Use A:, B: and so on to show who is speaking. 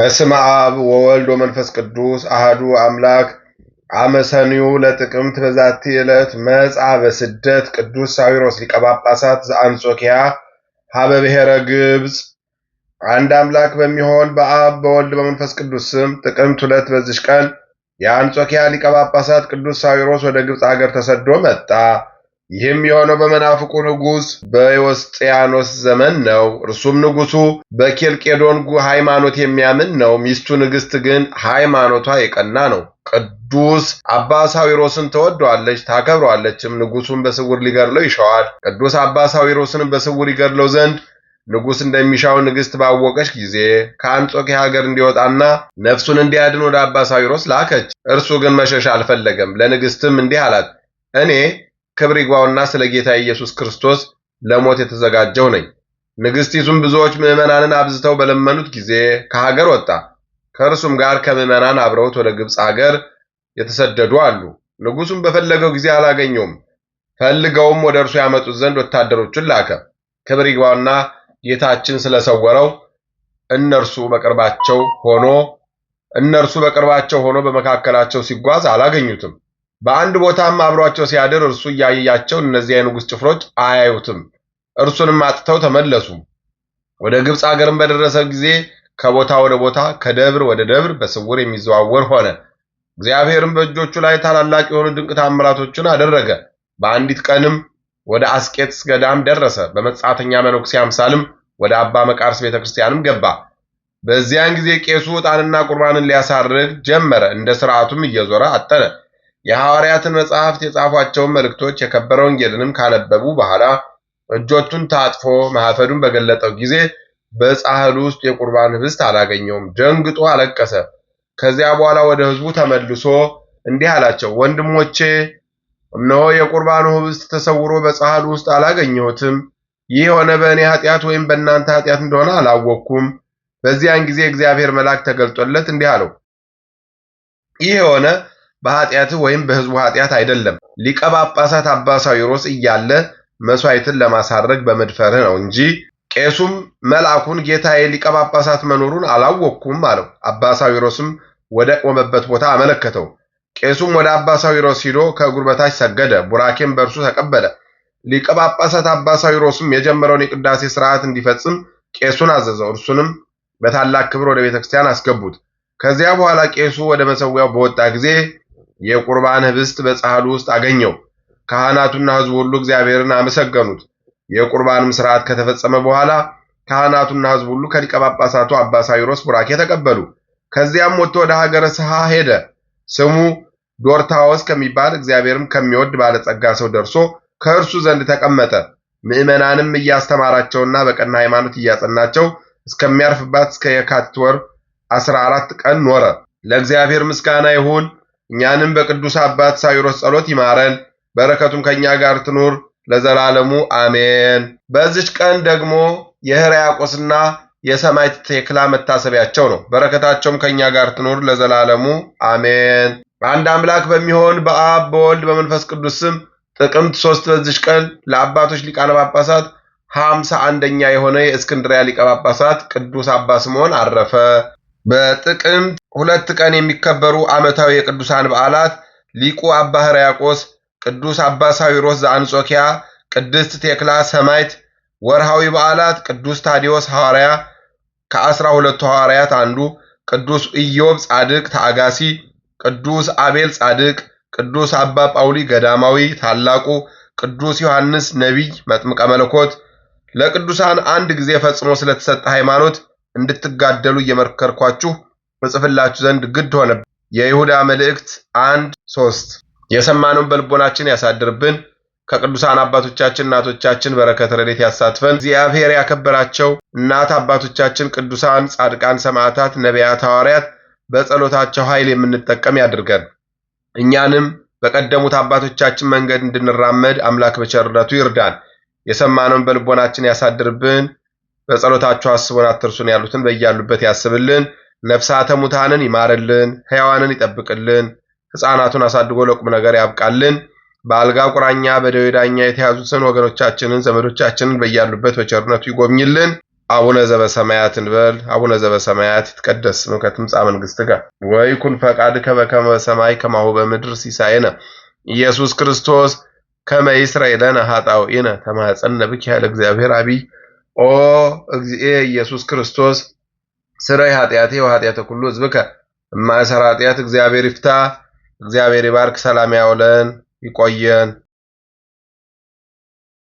A: በስመ አብ ወወልድ ወመንፈስ ቅዱስ አህዱ አምላክ አመሰኒው ለጥቅምት በዛቲ ዕለት መጽአ በስደት ቅዱስ ሳዊሮስ ሊቀ ጳጳሳት ዘአንጾኪያ ሀበ ብሔረ ግብፅ። አንድ አምላክ በሚሆን በአብ በወልድ በመንፈስ ቅዱስ ስም ጥቅምት ሁለት በዚች ቀን የአንጾኪያ ሊቀ ጳጳሳት ቅዱስ ሳዊሮስ ወደ ግብፅ አገር ተሰዶ መጣ። ይህም የሆነው በመናፍቁ ንጉሥ በዮስጢያኖስ ዘመን ነው። እርሱም ንጉሡ በኬልቄዶን ሃይማኖት የሚያምን ነው። ሚስቱ ንግሥት ግን ሃይማኖቷ የቀና ነው። ቅዱስ አባ ሳዊሮስን ተወደዋለች፣ ታከብረዋለችም። ንጉሡን በስውር ሊገድለው ይሻዋል። ቅዱስ አባ ሳዊሮስንም በስውር ይገድለው ዘንድ ንጉሥ እንደሚሻው ንግሥት ባወቀች ጊዜ ከአንጾኪያ ሀገር እንዲወጣና ነፍሱን እንዲያድን ወደ አባ ሳዊሮስ ላከች። እርሱ ግን መሸሽ አልፈለገም። ለንግሥትም እንዲህ አላት እኔ ክብር ይግባውና ስለ ጌታ ኢየሱስ ክርስቶስ ለሞት የተዘጋጀው ነኝ። ንግሥቲቱም ብዙዎች ምዕመናንን አብዝተው በለመኑት ጊዜ ከሀገር ወጣ። ከእርሱም ጋር ከምዕመናን አብረውት ወደ ግብፅ ሀገር የተሰደዱ አሉ። ንጉሡም በፈለገው ጊዜ አላገኘውም። ፈልገውም ወደ እርሱ ያመጡት ዘንድ ወታደሮቹን ላከ። ክብር ይግባውና ጌታችን ስለሰወረው እነርሱ በቅርባቸው ሆኖ እነርሱ በቅርባቸው ሆኖ በመካከላቸው ሲጓዝ አላገኙትም። በአንድ ቦታም አብሯቸው ሲያድር እርሱ እያያቸው እነዚያ የንጉሥ ጭፍሮች አያዩትም፣ እርሱንም አጥተው ተመለሱ። ወደ ግብፅ አገርም በደረሰ ጊዜ ከቦታ ወደ ቦታ ከደብር ወደ ደብር በስውር የሚዘዋወር ሆነ። እግዚአብሔርም በእጆቹ ላይ ታላላቅ የሆኑ ድንቅ ታምራቶችን አደረገ። በአንዲት ቀንም ወደ አስቄጥስ ገዳም ደረሰ። በመጻተኛ መነኩሴ አምሳልም ወደ አባ መቃርስ ቤተ ክርስቲያንም ገባ። በዚያን ጊዜ ቄሱ ዕጣንና ቁርባንን ሊያሳርግ ጀመረ። እንደ ሥርዓቱም እየዞረ አጠነ። የሐዋርያትን መጽሐፍት የጻፏቸውን መልእክቶች የከበረ ወንጌልንም ካነበቡ በኋላ እጆቹን ታጥፎ ማኅፈዱን በገለጠው ጊዜ በጻሕሉ ውስጥ የቁርባን ኅብስት አላገኘውም። ደንግጦ አለቀሰ። ከዚያ በኋላ ወደ ሕዝቡ ተመልሶ እንዲህ አላቸው፣ ወንድሞቼ እነሆ የቁርባኑ ኅብስት ተሰውሮ በጻሕሉ ውስጥ አላገኘሁትም። ይህ የሆነ በእኔ ኃጢአት ወይም በእናንተ ኃጢአት እንደሆነ አላወቅኩም። በዚያን ጊዜ እግዚአብሔር መልአክ ተገልጦለት እንዲህ አለው፣ ይህ የሆነ በኃጢአትህ ወይም በሕዝቡ ኃጢአት አይደለም። ሊቀ ጳጳሳት አባ ሳዊሮስ እያለ መሥዋዕትን ለማሳረግ በመድፈርህ ነው እንጂ። ቄሱም መልአኩን ጌታዬ ሊቀ ጳጳሳት መኖሩን አላወቅኩም አለው። አባ ሳዊሮስም ወደ ቆመበት ቦታ አመለከተው። ቄሱም ወደ አባ ሳዊሮስ ሂዶ ከእግሩ በታች ሰገደ፣ ቡራኬም በእርሱ ተቀበለ። ሊቀ ጳጳሳት አባ ሳዊሮስም የጀመረውን የቅዳሴ ሥርዓት እንዲፈጽም ቄሱን አዘዘው። እርሱንም በታላቅ ክብር ወደ ቤተ ክርስቲያን አስገቡት። ከዚያ በኋላ ቄሱ ወደ መሠዊያው በወጣ ጊዜ የቁርባን ህብስት በጻሕሉ ውስጥ አገኘው። ካህናቱና ሕዝቡ ሁሉ እግዚአብሔርን አመሰገኑት። የቁርባንም ሥርዓት ከተፈጸመ በኋላ ካህናቱና ሕዝቡ ሁሉ ከሊቀ ጳጳሳቱ አባ ሳዊሮስ ቡራኬ ተቀበሉ። ከዚያም ወጥቶ ወደ ሀገረ ሰሃ ሄደ። ስሙ ዶርታዎስ ከሚባል እግዚአብሔርም ከሚወድ ባለጸጋ ሰው ደርሶ ከእርሱ ዘንድ ተቀመጠ። ምዕመናንም እያስተማራቸውና በቀና ሃይማኖት እያጸናቸው እስከሚያርፍባት እስከ የካቲት ወር 14 ቀን ኖረ። ለእግዚአብሔር ምስጋና ይሁን። እኛንም በቅዱስ አባት ሳዊሮስ ጸሎት ይማረን፣ በረከቱም ከእኛ ጋር ትኑር ለዘላለሙ አሜን። በዚች ቀን ደግሞ የሕርያቆስና የሰማዕት ቴክላ መታሰቢያቸው ነው። በረከታቸውም ከእኛ ጋር ትኑር ለዘላለሙ አሜን። አንድ አምላክ በሚሆን በአብ በወልድ በመንፈስ ቅዱስ ስም ጥቅምት ሶስት በዚች ቀን ለአባቶች ሊቃነ ጳጳሳት ሀምሳ አንደኛ የሆነ የእስክንድሪያ ሊቀ ጳጳሳት ቅዱስ አባ ስምዖን አረፈ። በጥቅምት ሁለት ቀን የሚከበሩ ዓመታዊ የቅዱሳን በዓላት ሊቁ አባ ሕርያቆስ፣ ቅዱስ አባ ሳዊሮስ ዘአንጾኪያ፣ ቅድስት ቴክላ ሰማይት ወርሃዊ በዓላት ቅዱስ ታዲዮስ ሐዋርያ ከአስራ ሁለቱ ሐዋርያት አንዱ፣ ቅዱስ ኢዮብ ጻድቅ ተአጋሲ፣ ቅዱስ አቤል ጻድቅ፣ ቅዱስ አባ ጳውሊ ገዳማዊ ታላቁ፣ ቅዱስ ዮሐንስ ነቢይ መጥምቀ መለኮት። ለቅዱሳን አንድ ጊዜ ፈጽሞ ስለተሰጠ ሃይማኖት እንድትጋደሉ እየመከርኳችሁ በጽፍላችሁ ዘንድ ግድ ሆነብን። የይሁዳ መልእክት አንድ ሶስት የሰማነውን በልቦናችን ያሳድርብን። ከቅዱሳን አባቶቻችን እናቶቻችን በረከት ረድኤት ያሳትፈን። እግዚአብሔር ያከበራቸው እናት አባቶቻችን ቅዱሳን፣ ጻድቃን፣ ሰማዕታት፣ ነቢያት፣ ሐዋርያት በጸሎታቸው ኃይል የምንጠቀም ያድርገን። እኛንም በቀደሙት አባቶቻችን መንገድ እንድንራመድ አምላክ በቸርነቱ ይርዳን። የሰማነውን በልቦናችን ያሳድርብን። በጸሎታቸው አስቡን አትርሱን ያሉትን በያሉበት ያስብልን። ነፍሳተ ሙታንን ይማርልን፣ ሕያዋንን ይጠብቅልን፣ ሕፃናቱን አሳድጎ ለቁም ነገር ያብቃልን። በአልጋ ቁራኛ በደዌ ዳኛ የተያዙትን ወገኖቻችንን ዘመዶቻችንን በያሉበት በቸርነቱ ይጎብኝልን። አቡነ ዘበሰማያት እንበል። አቡነ ዘበሰማያት ይትቀደስ ስምከ ትምጻእ መንግሥትከ ወይኩን ፈቃድከ በከመ በሰማይ ከማሁ በምድር ሲሳየነ ኢየሱስ ክርስቶስ ከመ ይስረይ ለነ ኃጣውኢነ ተማኅፀነ ያለ እግዚአብሔር አብይ ኦ እግዚኤ ኢየሱስ ክርስቶስ ስረይ ኃጢአቴ ወኃጢአተ ኩሉ ህዝብከ እማእሰረ ኃጢአት እግዚአብሔር ይፍታ። እግዚአብሔር ይባርክ። ሰላም ያውለን፣ ይቆየን።